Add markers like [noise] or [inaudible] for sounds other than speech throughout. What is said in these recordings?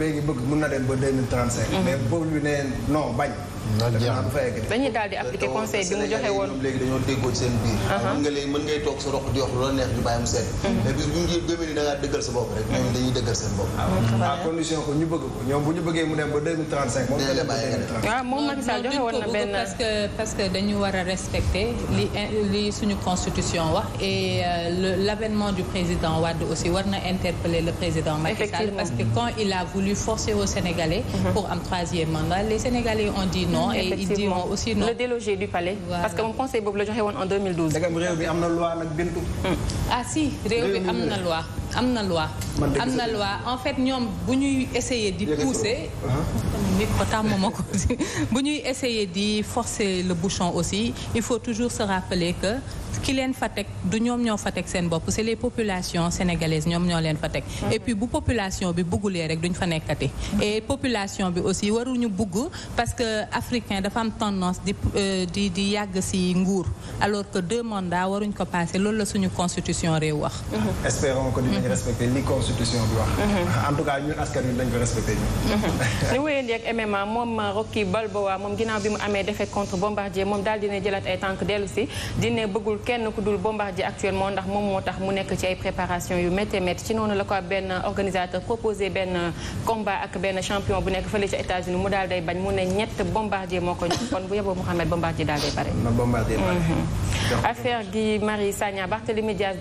léegi bëgg mën na dem ba deux mille trente cinq. Mhm. mais boobu bi ne non bañ. dañuy daal di seen biir. Uh-huh. mën ngay toog sa roq di wax lu neex ñu bàyyi mu seet. Mhm. mais da ngaa dëggal sa bopp rek. ñoom dañuy dëggal seen bopp. Ah, à condition que dem ba deux mille trente cinq. moom la bàyyi nga dem ah, joxe woon na benn parce que dañu war a li suñu constitution wax et euh, l'avènement du président Wade aussi war na interpeller le président Macky Sall parce que quand il a voulu lui forcer aux Sénégalais. Mhm. pour am troisième mandat les Sénégalais ont dit non. et ils diront non le déloger du palais. parce que moom conseil boobu la joxe woon en 2012. dëgg réew na loi nag bintu. ah loi. am na loi am na loi en fait ñoom bu ñuy essayer di pousser [laughs] bu ñuy essayer di forcer le bouchon aussi il faut toujours se rappeler que ki leen fa teg du ñoom ñoo fa teg seen bopp si les population sénégalaises ñoom ñoo leen fa teg et puis bu population bi buggulee rek duñ fa nekkati et population bi aussi waruñu bugg parce que africain dafa am tendance di euh, di di yàgg ci nguur alors que deux mandats waruñ ko passer loolu la suñu constitution ré wax dañuy respecté li constitution bi wax. Mhm. en tout cas ñun mhm. [laughs] moom Rocky Balboa moom ginnaaw bi mu amee defee contre Bombardier moom daal dina jëlaat ay tànk dellu si dina bëggul kenn ku dul Bombardier actuellement ndax moom moo tax mu nekk ci ay préparation yu métti métti ci noonu la ko benn organisateur proposé benn combat ak benn champion bu nekk fële ci États-Unis mu daal day bañ mu ne ñett Bombardier moo ko ñor kon bu yeboo Mouhamed Bombardier daal day pare. Mhm. affaire gi Marie Sagna Barthélémy Diaz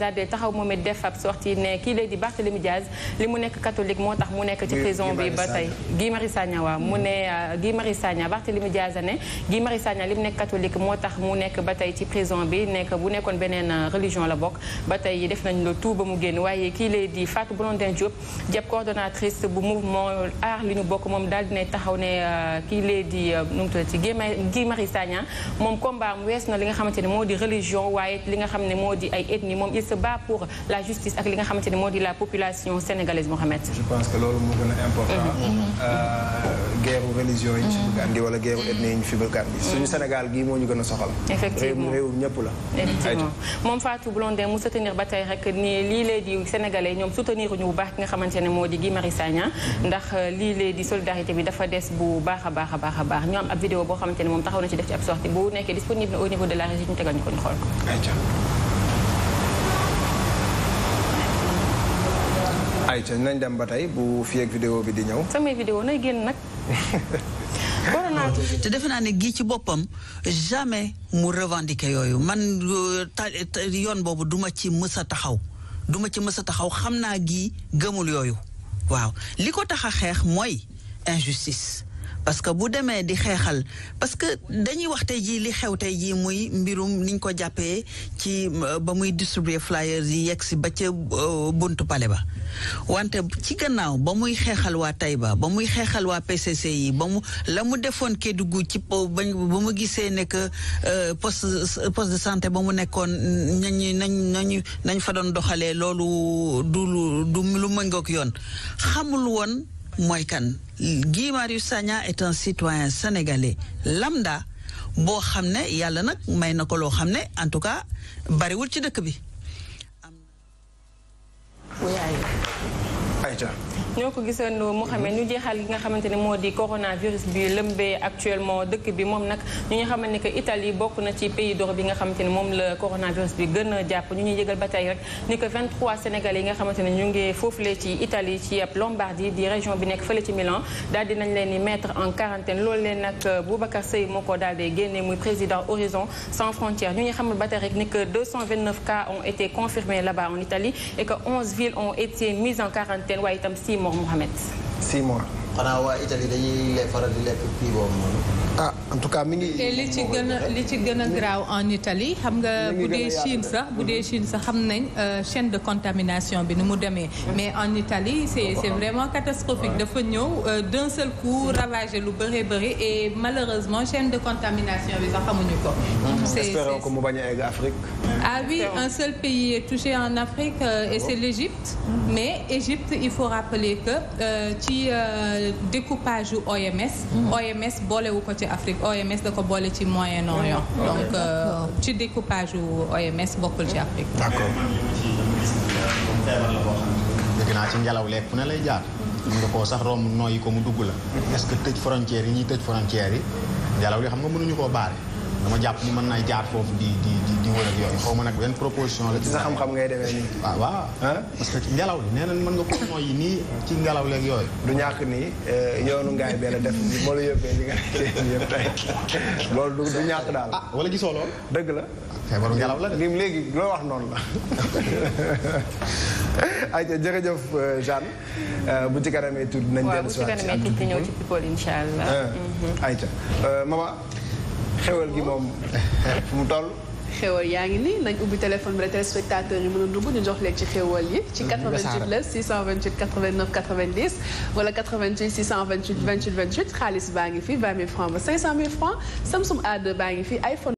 kii lay di Barthélémy Diaz li mu nekk catholique moo tax mu nekk ci prison bi ba tey Guy Marius Sagna waaw mu ne hmm. euh, Guy Marius Sagna Barthélémy Diaz ne Guy Marius Sagna li mu nekk catholique moo tax mu nekk ba tey ci prison bi nekk bu nekkoon beneen euh, religion la bokk ba tey def nañ la tout ba mu génn waaye kii lay di Fatou Blondin Diop jëpp coordonnatrice bu mouvement aar lu ñu bokk moom daal dinay taxaw ne euh, kii lay di nu mu tudd ci Guy Marius Sagna moom combat mu wees na li nga xamante ne moo di religion waaye li nga xam ne moo di ay moom il se bat nga xamante moo di la population sénégalaise Mohamed. je pense que loolu moo gën a important. Mhm. Mhm. Euh, guerre religion yi mhm. ñu fi bëgg andi suñu Sénégal gii moo ñu gën a soxal. effectivement réew ñëpp la. effectivement moom Fatou Blondin mu soutenir ba tey rek ni lii lay di sénégalais ñoom soutenir ñu bu baax ki nga xamante ne moo di Guy Marius Sagna ndax euh, lii lay di solidarité bi dafa des bu baax a baax a baax a baax ñu am ab vidéo boo xamante ne moom taxaw na ci def ci ab sortie bu nekkee disponible au niveau de la région ñu ayca nañ dem ba tey bu fi ak vidéo bi di ñëw. [laughs] samay vidéo nay génn nag. [laughs] te defe naa ne gii ci boppam jamais mu revendiquer yooyu man euh, yoon boobu duma ci mës a taxaw duma ci mës a taxaw xam naa gii gëmul yooyu waaw li ko tax xeex mooy injustice parce que bu demee di xeexal parce que dañuy wax tey jii li xew tey jii muy mbirum niñ ko jàppee ci euh, ba muy distribuer flyers yi yegg si ba ca euh, buntu pale ba wante ci gannaaw ba muy xeexal waa Taïba ba muy xeexal waa PCC yi ba mu la mu defoon Kédougou ci ba mu gisee ne que euh, poste poste de santé ba mu nekkoon nañu nañ nañ fa doon doxalee loolu du lu du lu mëngook yoon xamul woon mooy kan Guy Marius Sagna est un citoyen sénégalais boo xam ne yàlla nag may na ko loo xam ne en tout cas bariwul ci dëkk bi Aïcha ñoo ko gisandoo mu xamee ñu jeexal li nga xamante ne moo di coronavirus bi lëmbee actuellement dëkk bi moom nag ñu nga xamante ne Italie bokk na ci pays d'Europe bi nga xamante ne moom la coronavirus bi gën a jàpp ñu ñuy yëgal ba rek ni que 23 yi nga xamante ne ñu ngi foofule ci Italie ci ab Lombardie di région bi nekk fële ci Milan daal di nañ leen di mettre en quarantaine loolu leen nag Boubacar Seye moo ko daal di génnee muy président Horizon waaye itam 6 mois Mouhamed. 6 mois xanaa waa Italie dañuy faral di lekk kii boobu noonu. ah tout cas mi ngi. te li ci gën li ci gën a graaw en Italie xam nga bu dee Chine sax bu dee Chine sax xam nañ euh, chaîne de contamination bi ni mu demee. mais en Italie c'est c'est vraiment catastrophique dafa ñëw euh, d'un seul coup ravager lu bëree bëri et malheureusement chaine de contamination bi sax xamuñu ko. Mhm. c'est espérons que mu bañ a egg Afrique. ah oui un seul pays est touché en Afrique euh, et c'est l'Égypte. Mhm. mais Égypte il faut rappeler que ci découpage yu OMS. Mhm. OMS boolewu ko ci. ci Afrique OMS da ko boole ci Moyen-Orient donc euh, ci découpage wu OMS bokkul ci Afrique. naa ci ngelaw leeg fu ne lay jaar. mën nga koo sax romb yi ko mu dugg la. est-ce que tëj frontière yi ñuy tëj frontière yi ngelaw li xam nga mënuñu koo baare dama jàpp ni mën na jaar foofu di di. jiwal nag benn proposition la. ci sa xam-xam ngay demee nii. Ah, waaw waaw ah? parce que ci ngelaw li nee na mën nga ko mooy nii ci ngelaw leeg yooyu. du ñàkk nii eh, yoonu ngaay bee la def moo la yóbbee li nga xam [laughs] loolu du ñàkk daal. ah wala gisoo lool. dëgg la. feebaru ngelaw la léegi loo wax noonu la. ayca [laughs] jërëjëf euh, Jeanne euh, bu ci kanamee tuuti nañ dellu si waat ci euh, mhm. gi moom mu toll. xéwal yaa ngi nii nañ ubbi téléphone bi rek téléspectateurs yi mën a dugg ñu jox leen ci xéwal yi. ci 88 la 628 89 90 wala 88 628 28 28 xaalis baa ngi fi 20 000 francs ba 500 000 francs Samsung A2 baa ngi fi iPhone.